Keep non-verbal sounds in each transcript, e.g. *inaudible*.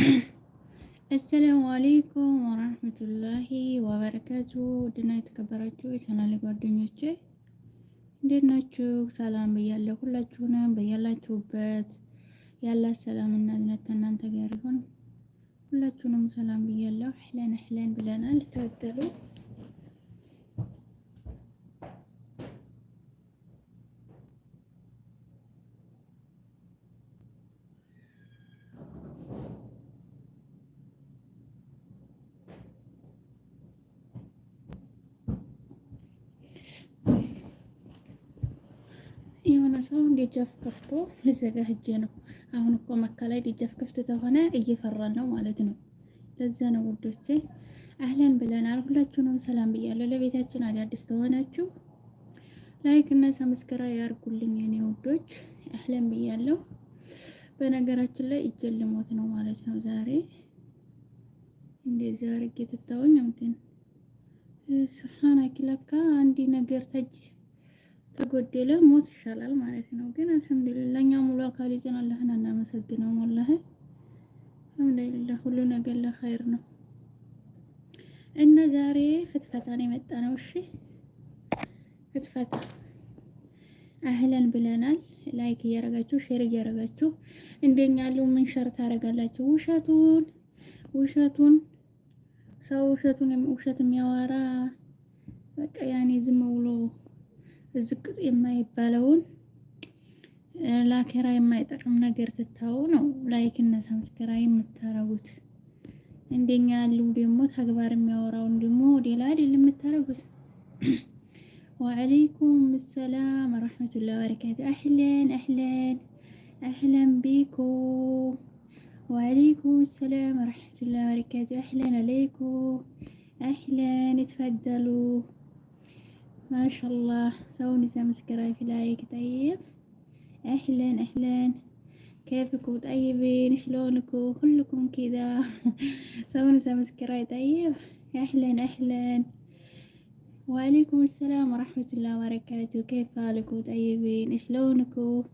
*clears throat* አሰላሙ አሌይኩም ወራህመቱላሂ ወበረካቱ። ውድና የተከበራችሁ የቻናሌ ጓደኞቼ እንዴት ናችሁ? ሰላም ብያለሁ። ሁላችሁንም በያላችሁበት ያላ ሰላም እና እዝነት ከእናንተ ጋር ይሁን። ሁላችሁንም ሰላም ብያለሁ። አህለን አህለን ብለናል ተወደሉ ደጃፍ ከፍቶ ልዘጋጅ ነው። አሁን እኮ መካ ላይ ደጃፍ ክፍት ተሆነ እየፈራን ነው ማለት ነው። ለዛ ነው ውዶቼ አህለን ብለናል። ሁላችሁንም ሰላም ብያለሁ። ለቤታችን አዳዲስ ተሆናችሁ ላይክ እና ሰብስክራይብ ያርጉልኝ የኔ ውዶች፣ አህለን ብያለሁ። በነገራችን ላይ እጄን ልሞት ነው ማለት ነው ዛሬ እንደዚህ አድርጌ ትታወኝ እንትን ስብሓን አኪላካ አንድ ነገር ተጅ ከጎደለ ሞት ይሻላል ማለት ነው። ግን አልሐምዱሊላ እኛ ሙሉ አካል ይዘን አላህን አናመሰግነው። ወላህ አልሐምዱሊላ ሁሉ ነገር ለኸይር ነው እና ዛሬ ፍትፈታን የመጣ ነው። እሺ ፍትፈታ አህለን ብለናል። ላይክ እያረጋችሁ ሼር እያረጋችሁ እንደኛ ያለው ምን ሸር ታረጋላችሁ? ውሸቱን ውሸቱን ሰው ውሸቱን ውሸት የሚያወራ በቃ ያኔ ዝም ብሎ ዝቅጥ የማይባለውን ላኬራ የማይጠቅም ነገር ትታው ነው ላይክ እና ሰብስክራይብ የምታረጉት። እንደኛ ያለው ደግሞ ተግባር የሚያወራውን ደግሞ ሌላ አይደለም የምታረጉት። ወአለይኩም ሰላም ወራህመቱላሂ ወበረካቱ። አህለን አህለን አህለን ቢኩም። ወአለይኩም ሰላም ወራህመቱላሂ ወበረካቱ። አህለን አለይኩም አህለን፣ ተፈደሉ ما شاء الله سووني زي مسكراي في لايك طيب اهلين اهلين كيفكم طيبين شلونكم كلكم كذا *laughs* سووني زي سبسكرايب طيب اهلين اهلين وعليكم السلام ورحمة الله وبركاته كيف حالكم طيبين شلونكم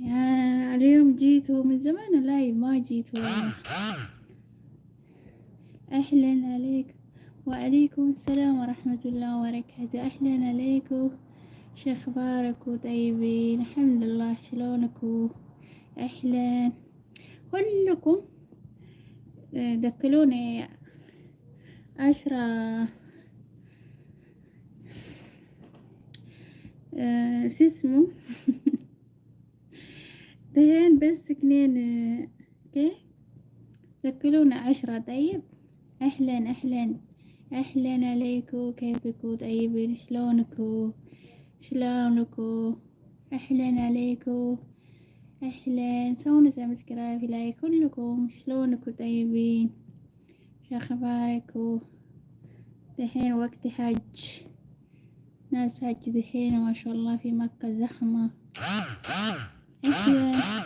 يعني اليوم جيتوا من زمان لايف ما جيتوا اهلا عليك وعليكم السلام ورحمة الله وبركاته أهلا عليكم شخباركم طيبين الحمد لله شلونكم أهلا كلكم دكلوني آه، عشرة آه، شو *laughs* دهين بس كنين آه، كي دكلونا عشرة طيب أهلا أهلا أهلا عليكو كيفكو طيبين شلونكو شلونكو أهلا عليكو أهلا سوونا سبسكرايب لايك كلكم شلونكو طيبين شو دحين وقت حج ناس حج دحين ما شاء الله في مكة زحمة أهلا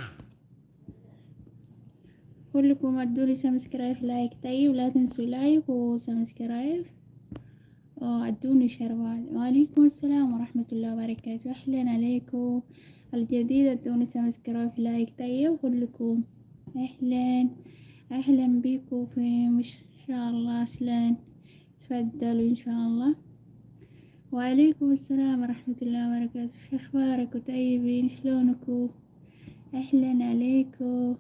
كلكم ادولي سبسكرايب لايك طيب لا تنسوا لايك وسبسكرايب وعدوني آه، شير بعد وعليكم السلام ورحمة الله وبركاته أهلا عليكم الجديد ادوني سبسكرايب لايك طيب كلكم أهلا أهلا بيكم في مش إن شاء الله أهلا تفضلوا إن شاء الله وعليكم السلام ورحمة الله وبركاته شخباركم طيبين شلونكم أهلا عليكم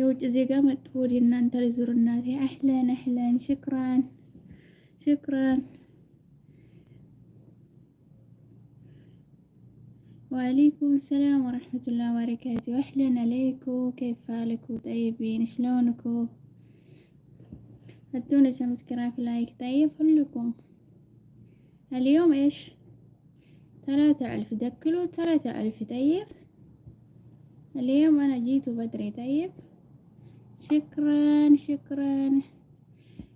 የውጭ ዜጋ መጥቶ ወደ እናንተ ልዙር እናቴ። አህለን አህለን፣ ሽክራን ሽክራን وعليكم السلام ورحمة الله وبركاته أهلا عليكم كيف حالكم طيبين شلونكم ادونا شمس كراف لايك طيب كلكم اليوم ايش ثلاثة ألف دكلو ثلاثة ألف طيب اليوم أنا جيت بدري طيب ሽክረን ሽክረን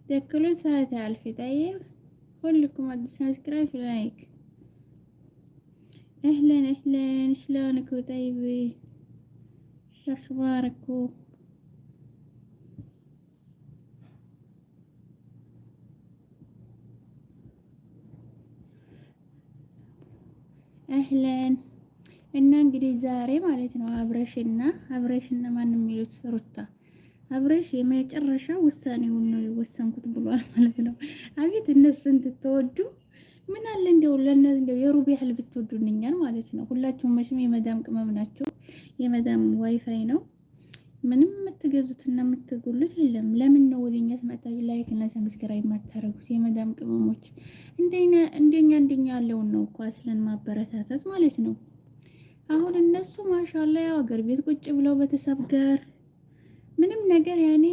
ደክሉ ሰዓት ያልፍ ጠይብ ሁልኩም አዲስ ሰብስክራይብ ላይክ እህለን እህለን ሽለውንኩ ጠይብ ሸክባርኩ እህለን እና እንግዲህ ዛሬ ማለት ነው አብረሽና አብረሽና ማንም የሚሉት ሩታ አብረሽ የመጨረሻ ውሳኔውን ነው የወሰንኩት ብሏል ማለት ነው። አቤት እነሱን ትተወዱ ምን አለ እንደው ለእነዚህ እንደው የሩብ ያህል ብትወዱን ማለት ነው። ሁላችሁም መቼም የመዳም ቅመም ናቸው። የመዳም ዋይፋይ ነው። ምንም የምትገዙትና የምትጎሉት የለም። ለምን ነው ወደኛ ስመጣችሁ ላይክ እና ሰብስክራይብ የማታረጉት? የመዳም ቅመሞች እንደኛ እንደኛ እንደኛ ያለውን ነው እኮ አስለን ማበረታታት ማለት ነው። አሁን እነሱ ማሻላ ያው አገር ቤት ቁጭ ብለው ቤተሰብ ጋር ምንም ነገር ያኔ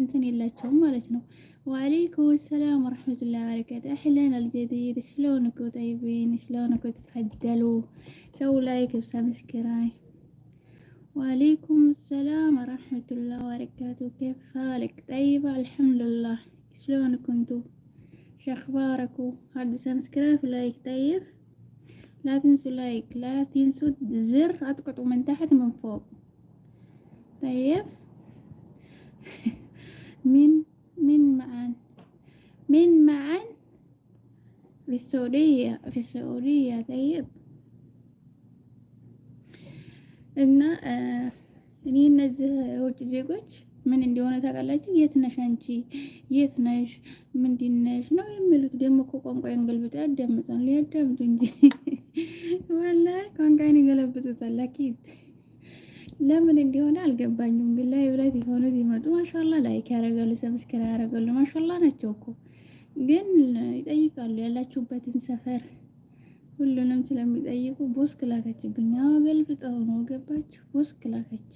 እንትን የላቸውም ማለት ነው። ወአለይኩም ሰላም ወረሕመቱላሂ ወበረካቱ። አህለን አልጀዲድ ሽለውንኩ ጠይቢን ሽለውንኩ ትትፈደሉ ሰው ላይክ ሰብስክራይ። ወአለይኩም ሰላም ወረሕመቱላሂ ወበረካቱ። ኬፍ ሀልክ ጠይባ አልሐምዱላህ። ሽለውንኩ እንቱ ሸአኽባረኩ ሀድ ሰብስክራይ ላይክ ጠይብ لا تنسوا لايك لا تنسوا زر اضغطوا من تحت من فوق طيب *laughs* من من معا من معا في السعودية في السعودية طيب እና እኔ እነዚህ የውጭ ዜጎች ምን እንደሆነ ታውቃላችሁ? የት ነሽ አንቺ፣ የት ነሽ፣ ምንድን ነሽ ነው የሚሉት። ደግሞ እኮ ቋንቋዬን ገልብጠው ያዳምጣሉ። ያዳምጡ እንጂ *laughs* ወላሂ ቋንቋዬን ይገለብጡታል። ላኪት ለምን እንዲሆነ አልገባኝም። ግን ላይ ብረት የሆኑ ይመጡ ማሻላ ላይክ ያደረገሉ ሰብስክራ ያደረገሉ ማሻላ ናቸው እኮ ግን ይጠይቃሉ። ያላችሁበትን ሰፈር ሁሉንም ስለሚጠይቁ ቦስክ ላከችብኝ። አዎ ገልብጠው ነው ገባች ቦስክ ላከች።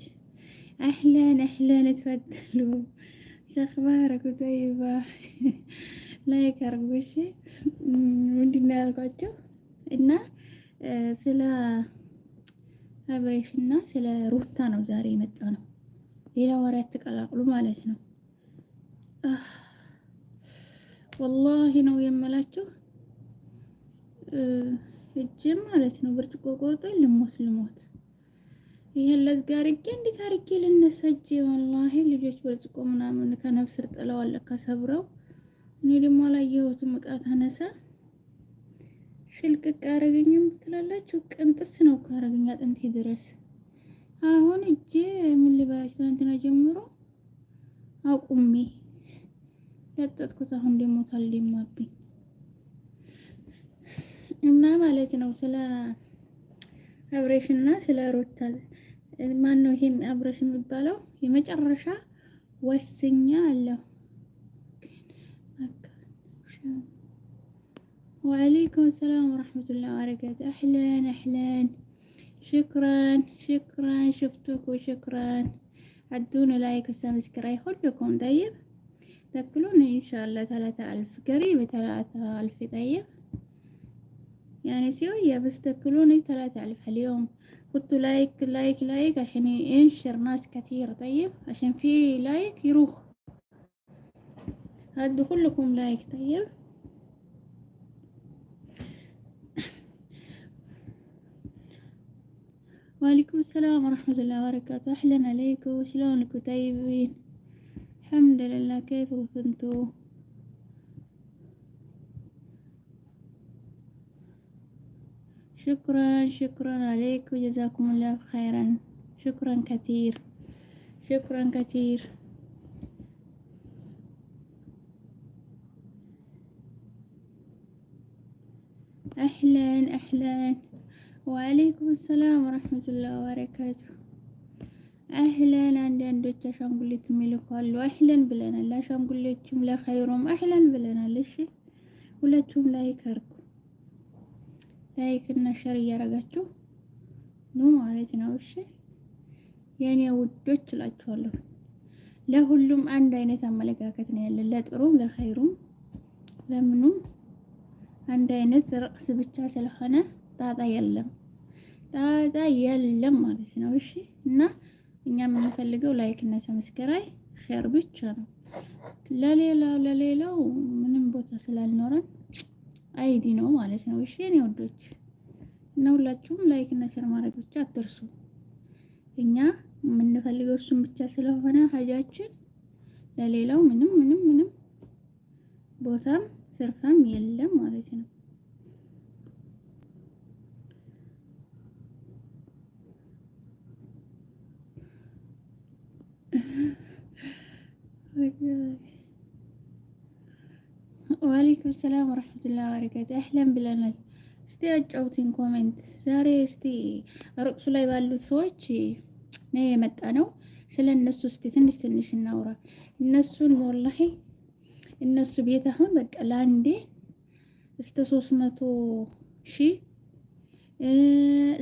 አህለን አህለን፣ ትፈትሉ ሸክባረኩ ጠይባ ላይክ አድርጉ ምንድና ያልኳቸው እና ስለ አብሬሽ እና ስለ ሩታ ነው ዛሬ የመጣ ነው። ሌላ ወሬ አትቀላቅሉ ማለት ነው። ወላሂ ነው የምላችሁ እጅም ማለት ነው ብርጭቆ ቆርጦ ልሞት ልሞት ይሄን ለዝጋ አድርጌ እንዴት አድርጌ ልነሳ እጄ ወላሂ ልጆች ብርጭቆ ምናምን ከነፍስር ጥለዋል ለካ ሰብረው እኔ ደግሞ አላየሁትም እቃ ተነሳ ሽልቅቅ አረገኝ ትላላችሁ። ቅንጥስ ነው ካረገኝ አጥንቴ ድረስ። አሁን እጄ ምን ልበላችሁ፣ ትናንትና ጀምሮ አቁሜ ያጠጥኩት፣ አሁን ደግሞ ታልማብኝ እና ማለት ነው። ስለ አብሬሽ እና ስለ ሮታል ማን ነው ይሄን አብሬሽ የሚባለው? የመጨረሻ ወስኛ አለው? وعليكم السلام ورحمة الله وبركاته أحلى أحلى شكرا شكرا شفتوك وشكرا عدونا لايك وسبسكرايب كلكم طيب تأكلوني إن شاء الله ثلاثة ألف قريب ثلاثة ألف طيب يعني سوية بس تأكلوني ثلاثة ألف اليوم حطوا لايك لايك لايك عشان ينشر ناس كثير طيب عشان في لايك يروح هادو كلكم لايك طيب وعليكم السلام ورحمة الله وبركاته أهلا عليكم شلونكم طيبين الحمد لله كيف كنتوا شكرا شكرا عليكم جزاكم الله خيرا شكرا كثير شكرا كثير أهلا أهلا ወአለይኩም ሰላም ወረሕመቱላህ ወበረካቱ። አህለን አንዳንዶች አሻንጉሊት የሚልኳሉ አህለን ብለናል። አሻንጉሌችም ለኸይሮም አህለን ብለናል። እሺ ሁለቱም ላይክ አርጉ። ላይክ እና ሸር እያረጋችሁ ኑ ማለት ነው። እሺ የኔ ውዶች እላችኋለሁ። ለሁሉም አንድ አይነት አመለካከት ነው ያለን፣ ለጥሩም ለኸይሩም ለምኑም አንድ አይነት ርዕስ ብቻ ስለሆነ ጣጣ የለም። ጣጣ የለም ማለት ነው። እሺ እና እኛ የምንፈልገው ላይክ እና ሰብስክራይብ ሼር ብቻ ነው። ለሌላ ለሌላው ምንም ቦታ ስላልኖረን አይዲ ነው ማለት ነው። እሺ እኔ ወዶች እና ሁላችሁም ላይክ እና ሼር ማድረግ ብቻ አትርሱ። እኛ የምንፈልገው እሱን ብቻ ስለሆነ ሀጃችን ለሌላው ምንም ምንም ምንም ቦታም ስርፋም የለም ማለት ነው። ወአለይኩም ሰላም ወረሕመቱላሂ ወበረካቱ። አህለን ብለናል። እስቲ አጫውቲን ኮሜንት። ዛሬ እስቲ ርቅሱ ላይ ባሉት ሰዎች ነው የመጣ ነው። ስለ እነሱ እስቲ ትንሽ ትንሽ እናውራ። እነሱን ወላሂ እነሱ ቤት አሁን በቃ ለአንዴ እስከ ሶስት መቶ ሺህ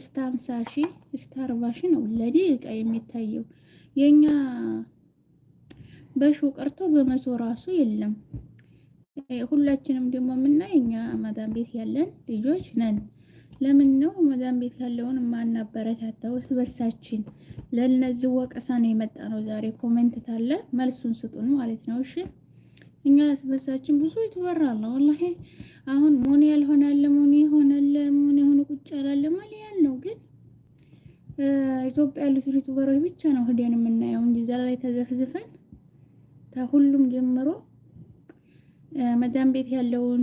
እስከ ሀምሳ ሺህ እስከ አርባ ሺህ ነው እቃ የሚታየው የእኛ በሹ ቀርቶ በመቶ ራሱ የለም። ሁላችንም ደግሞ የምናይ እኛ መዳም ቤት ያለን ልጆች ነን። ለምን ነው መዳም ቤት ያለውን ማናበረታታው? ስበሳችን ለነዚህ ወቀሳ ነው የመጣ ነው። ዛሬ ኮሜንት ታለ መልሱን ስጡን ማለት ነው። እሺ እኛ ስበሳችን ብዙ ይትበራል። ወላሂ አሁን ሞኒ ያልሆናለ ሞኒ የሆናለ ሞኒ የሆነ ቁጭ ያላለ ያል ነው። ግን ኢትዮጵያ ያሉት ዩቱበሮች ብቻ ነው ህደን የምናየው እንጂ ዛ ላይ ተዘፍዝፈን ከሁሉም ጀምሮ መዳም ቤት ያለውን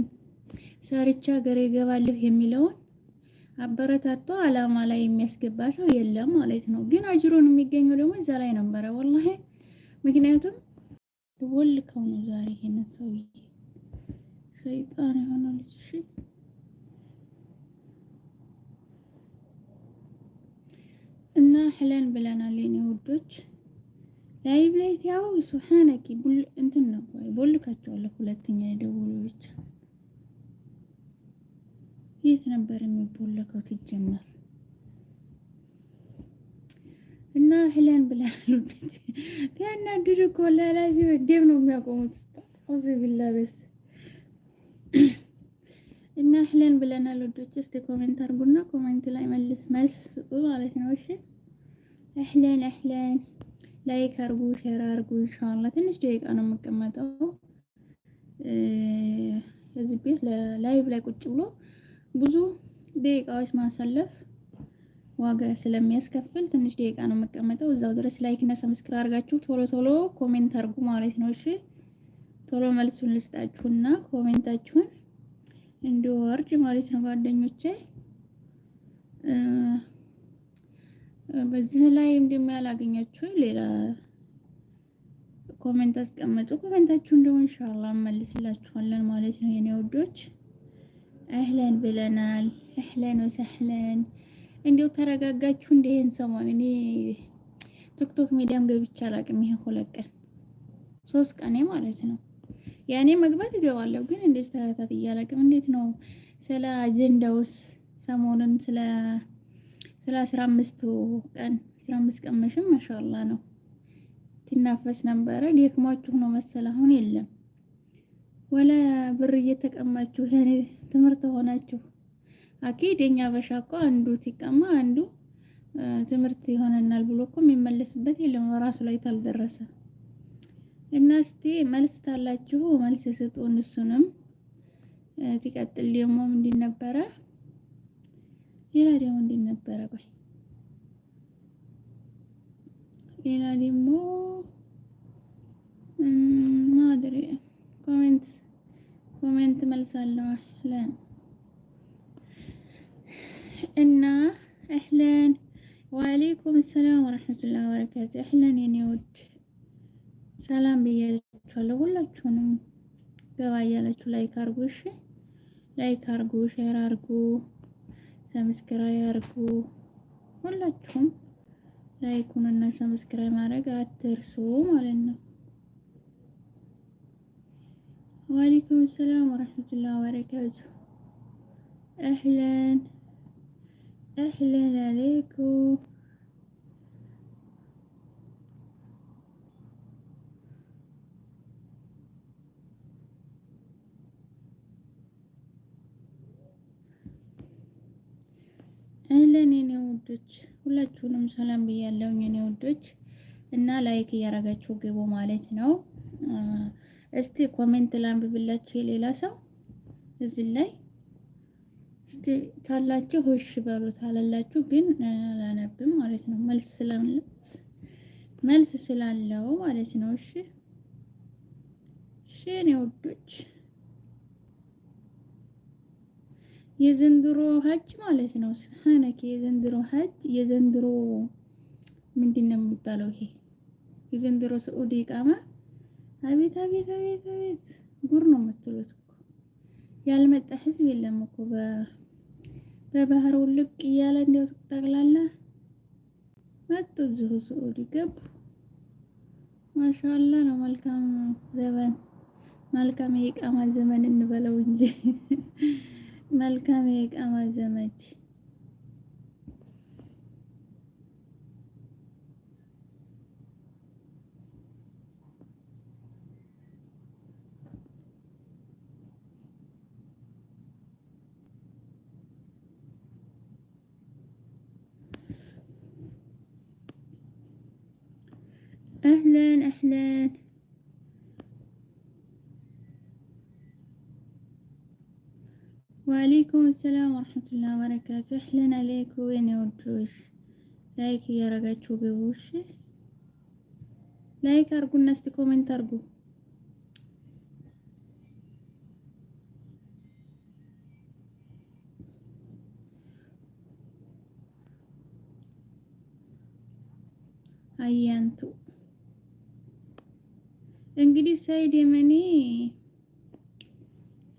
ሰርቻ ሀገር እገባለሁ የሚለውን አበረታቶ አላማ ላይ የሚያስገባ ሰው የለም ማለት ነው። ግን አጅሮን የሚገኘው ደግሞ እዛ ላይ ነበረ ወላሂ። ምክንያቱም ትወልከው ነው ዛሬ ይሄንን ሰውዬ ሸይጣን የሆነ ልጅ እሺ እና ሕለን ብለናል የኔ ውዶች። ላይቭ ላይ ያው ሱብሃነኪ ቡል እንትን ነው ቦልካቸዋለሁ። ሁለተኛ የደወሉ ብቻ የት ነበር የሚቦለከው ትጀመር እና ህለን ብላሉ ያና ድርኮ ላላዚ ደም ነው የሚያቆሙት። ኦዚ ቢላ በስ እና ህለን ብለናል ወዶች። እስቲ ኮሜንት አርጉና ኮሜንት ላይ መልስ መልስ ስጡ ማለት ነው። እሺ አህለን አህለን ላይክ አርጉ፣ ሼር አርጉ። ኢንሻአላህ ትንሽ ደቂቃ ነው የምቀመጠው እዚህ ቤት ላይቭ ላይ ቁጭ ብሎ ብዙ ደቂቃዎች ማሳለፍ ዋጋ ስለሚያስከፍል ትንሽ ደቂቃ ነው የምቀመጠው። እዛው ድረስ ላይክ እና ሰብስክራይብ አርጋችሁ ቶሎ ቶሎ ኮሜንት አርጉ ማለት ነው። እሺ ቶሎ መልሱን ልስጣችሁና ኮሜንታችሁን እንዲወርድ ማለት ነው ጓደኞቼ። በዚህ ላይ እንደማ ያላገኛችሁ ሌላ ኮሜንት አስቀምጡ። ኮሜንታችሁ እንደው ኢንሻአላህ መልስላችኋለን ማለት ነው የኔ ወዶች አህለን ብለናል። አህለን ወሰህለን። እንዴው ተረጋጋችሁ። እንደን ሰሞን እኔ ቲክቶክ ሚዲያም ገብቼ አላቅም። ይሄ ሁለት ቀን ሶስት ቀኔ ማለት ነው። ያኔ መግባት እገባለሁ ግን እንዴት ተከታታይ አላቅም። እንዴት ነው ስለ አጀንዳውስ ሰሞኑን ስለ ስለ አስራ አምስት ቀን አስራ አምስት ቀን መሽም ማሻላ ነው። ትናፈስ ነበረ። ደክሟችሁ ነው መሰል አሁን የለም ወለ ብር እየተቀማችሁ ያኔ ትምህርት ሆናችሁ አኪድ የኛ በሻ እኮ አንዱ ሲቀማ አንዱ ትምህርት ይሆነናል ብሎ እኮ የሚመለስበት የለም ራሱ ላይ ታልደረሰ እና እስቲ መልስ ታላችሁ መልስ ስጡን። እሱንም ሲቀጥል ደግሞ ምንድን ነበረ ሌላ እንዴት ነበረ? ቆይ ሌላ ደግሞ ማድሪ ኮሜንት ኮሜንት መልሳለሁ። አህለን እና አህለን ወአለይኩም ሰላም ወራህመቱላሂ ወበረካቱ። አህለን የኔ ውድ ሰላም ብያችኋለሁ። ሁላችሁንም ገባ እያላችሁ ላይክ አርጉ፣ እሺ ላይክ አርጉ፣ ሼር አርጉ። ሰብስክራይብ አድርጉ። ሁላችሁም ላይኩን እና ሰብስክራይብ ማድረግ አትርሱ ማለት ነው። ወአለይኩም ሰላም ወራህመቱላሂ ወበረካቱ። አህለን አህለን አለይኩም ውዶች፣ ሁላችሁንም ሰላም ብያለሁኝ የኔ ውዶች እና ላይክ እያረጋችሁ ግቡ ማለት ነው። እስቲ ኮሜንት ላንብብላችሁ የሌላ ሰው እዚህ ላይ እስቲ ካላችሁ ሆሽ በሉ ታላላችሁ፣ ግን አላነብም ማለት ነው መልስ ስላለው ማለት ነው። እሺ እሺ የኔ ውዶች የዘንድሮ ሀጅ ማለት ነው። ስብሓነከ የዘንድሮ ሀጅ የዘንድሮ ምንድን ነው የሚባለው? ይሄ የዘንድሮ ስዑድ ቃማ አቤት አቤት አቤት አቤት ጉር ነው የምትሉት እኮ ያልመጣ ህዝብ የለም እኮ በባህር ውልቅ እያለ እንዲያው ጠቅላላ መጡ እዚሁ ስዑድ ገቡ። ማሻአላ ነው። መልካም ዘመን መልካም የቃማ ዘመን እንበለው እንጂ መልካም የኢቃማ ዘመች أهلا أهلا عليكم السلام ورحمة الله وبركاته أهلا عليكم وين يودروش ላይክ እያረጋችሁ ግቡ። لايك أرجو الناس እስቲ ኮሜንት አርጉ። አያንቱ እንግዲህ ሰይድ የመኒ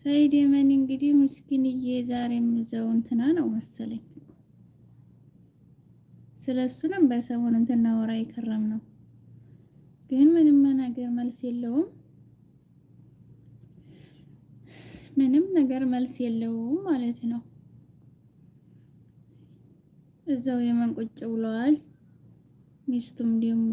ሰይድ የመን እንግዲህ ምስኪንዬ ዛሬ የምዘው እንትና ነው መሰለኝ። ስለ እሱንም በሰሞን እንትና ወራ የከረም ነው ግን ምንም ነገር መልስ የለውም። ምንም ነገር መልስ የለውም ማለት ነው። እዛው የመን ቁጭ ብለዋል። ሚስቱም ደግሞ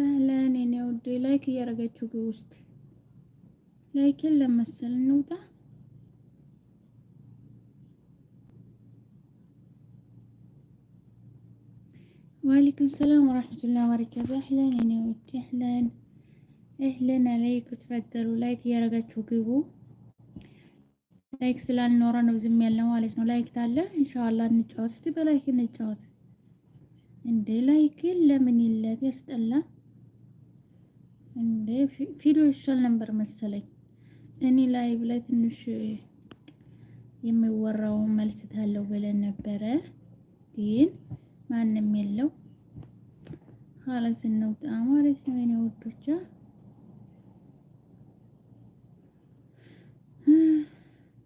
አህለን የኔ ውዴ ላይክ እያደረገችው ግብ ውስጥ ላይክን ለመሰል እንውጣ። ዋሌይኩም ሰላም ወራህመቱላሂ ወበረካቱ። አህለን የኔ ውዴ አህለን እህለን አለይክ ተፈደሉ። ላይክ እያደረጋችሁ ግቡ። ላይክ ስላልኖረ ነው ዝም ያለው ማለት ነው። ላይክ ታለ ኢንሻአላህ እንጫወት። እስቲ በላይክ እንጫወት እንዴ! ላይክ ለምን ይለት ያስጠላል እንዴ ቪዲዮ ይሻል ነበር መሰለኝ። እኔ ላይቭ ላይ ትንሽ የሚወራው መልስ ታለው ብለን ነበረ፣ ግን ማንም የለው ሀላስ እንውጣ ማለት ነው የኔ ውዶቻ።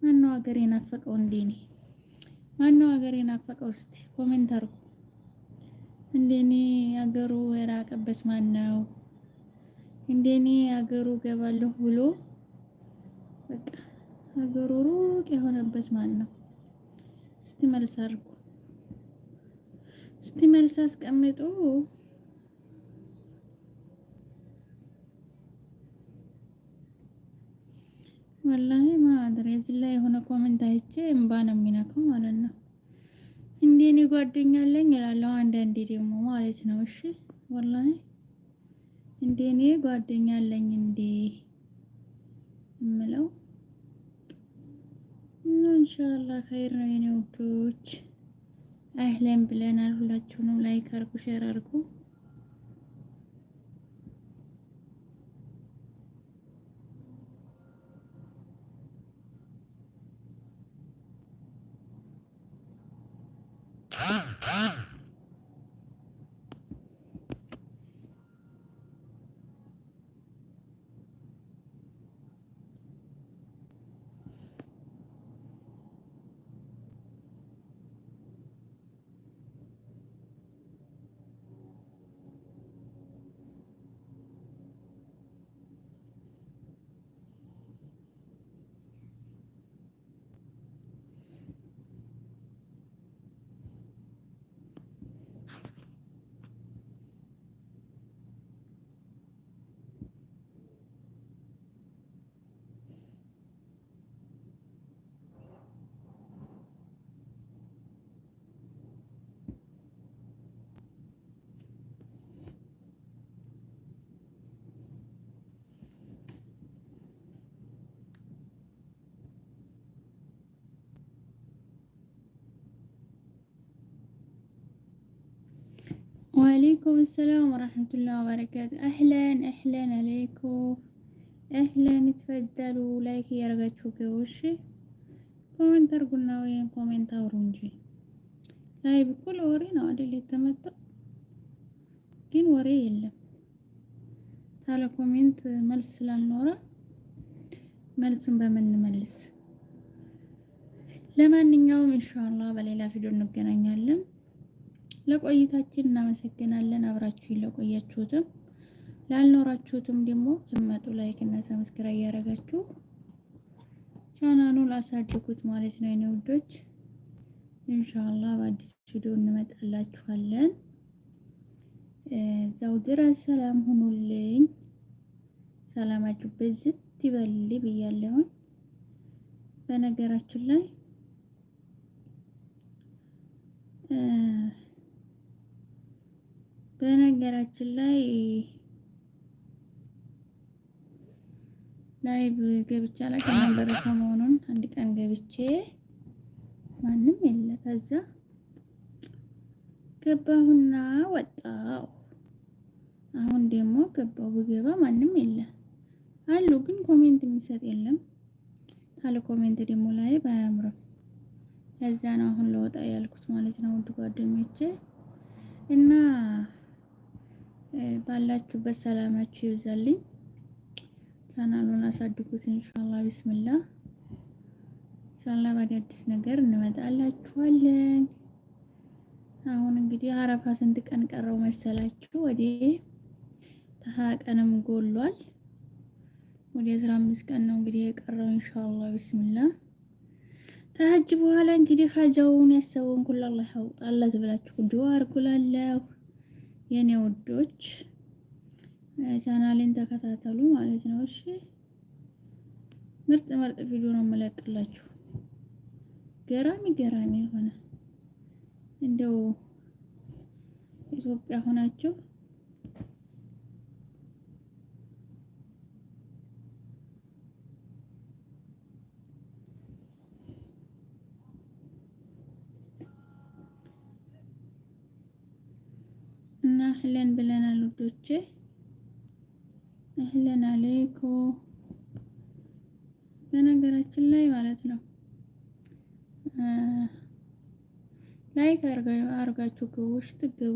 ማነው ሀገር የናፈቀው እንዴ? እኔ ማነው ሀገር የናፈቀው? እስቲ ኮሜንት አርጉ። እንዴ እኔ ሀገሩ የራቀበት ማነው? እንደኔ ሀገሩ ገባለሁ ብሎ በቃ ሀገሩ ሩቅ የሆነበት ማለት ነው። እስቲ መልስ አድርጉ፣ እስቲ መልስ አስቀምጡ። ወላሂ ማድር የዚህ ላይ የሆነ ኮሜንት አይቼ እምባ ነው የሚነካው ማለት ነው። እንደኔ ጓደኛ አለኝ እላለሁ አንዳንዴ ደግሞ ማለት ነው። እሺ ወላሂ እንዴ እኔ ጓደኛ አለኝ እንዴ እምለው እና ኢንሻአላህ ኸይር ነው የኔ ውዶች። አህለን ብለናል። ሁላችሁንም ላይክ አርጉ፣ ሼር አርጉ። ወአለይኩም ሰላም ወራህመቱላሂ ወበረካቱ። አህለን አህለን አለይኩም አህለን ተፈደሉ። ላይክ እያደረጋችሁ ግቡ። እሺ ኮሜንት አድርጉና ወይም ኮሜንት አውሩ እንጂ ላይ ብኩል ወሬ ነው አይደል የተመጣው? ግን ወሬ የለም ታለ ኮሜንት መልስ ስላልኖረ መልሱን በምንመልስ። ለማንኛውም ኢንሻአላህ በሌላ ቪዲዮ እንገናኛለን። ለቆይታችን እናመሰግናለን። አብራችሁ ለቆያችሁትም ላልኖራችሁትም ደግሞ ዝመጡ ላይክ እና ሰብስክራይብ እያደረጋችሁ ቻናሉን አሳድጉት ማለት ነው የኔ ውዶች። ኢንሻአላህ በአዲስ ቪዲዮ እንመጣላችኋለን። እዛው ድረስ ሰላም ሁኑልኝ። ሰላማችሁ በዝት ይበል ብያለሁኝ። በነገራችን ላይ በነገራችን ላይ ላይቭ ገብቻ ላይ ከነበረ ሰሞኑን አንድ ቀን ገብቼ ማንም የለ። ከዛ ገባሁና ወጣሁ። አሁን ደግሞ ገባሁ ብገባ ማንም የለ አሉ፣ ግን ኮሜንት የሚሰጥ የለም። ካለ ኮሜንት ደግሞ ላይቭ አያምርም። ከዛ ነው አሁን ለወጣ ያልኩት ማለት ነው ውድ ጓደኞቼ እና ባላችሁበት ሰላማችሁ ይብዛልኝ። ቻናሉን አሳድጉት እንሻላ ቢስሚላ። እንሻላ በአዳዲስ ነገር እንመጣላችኋለን። አሁን እንግዲህ አረፋ ስንት ቀን ቀረው መሰላችሁ? ወደ ሀያ ቀንም ጎሏል። ወደ አስራ አምስት ቀን ነው እንግዲህ የቀረው እንሻላ ቢስሚላህ ከሀጅ በኋላ እንግዲህ ሀጃውን ያሰበውን ኩላ አላህ ያውጣለት ብላችሁ ዱዓ የኔ ውዶች ቻናሌን ተከታተሉ ማለት ነው። እሺ ምርጥ ምርጥ ቪዲዮ ነው የምለቅላችሁ። ገራሚ ገራሚ የሆነ እንደው ኢትዮጵያ ሆናችሁ እና ህለን ብለናል ውዶቼ። እህለን አሌኮ በነገራችን ላይ ማለት ነው ላይክ አርጋችሁ ግቡ፣ ውስጥ ግቡ።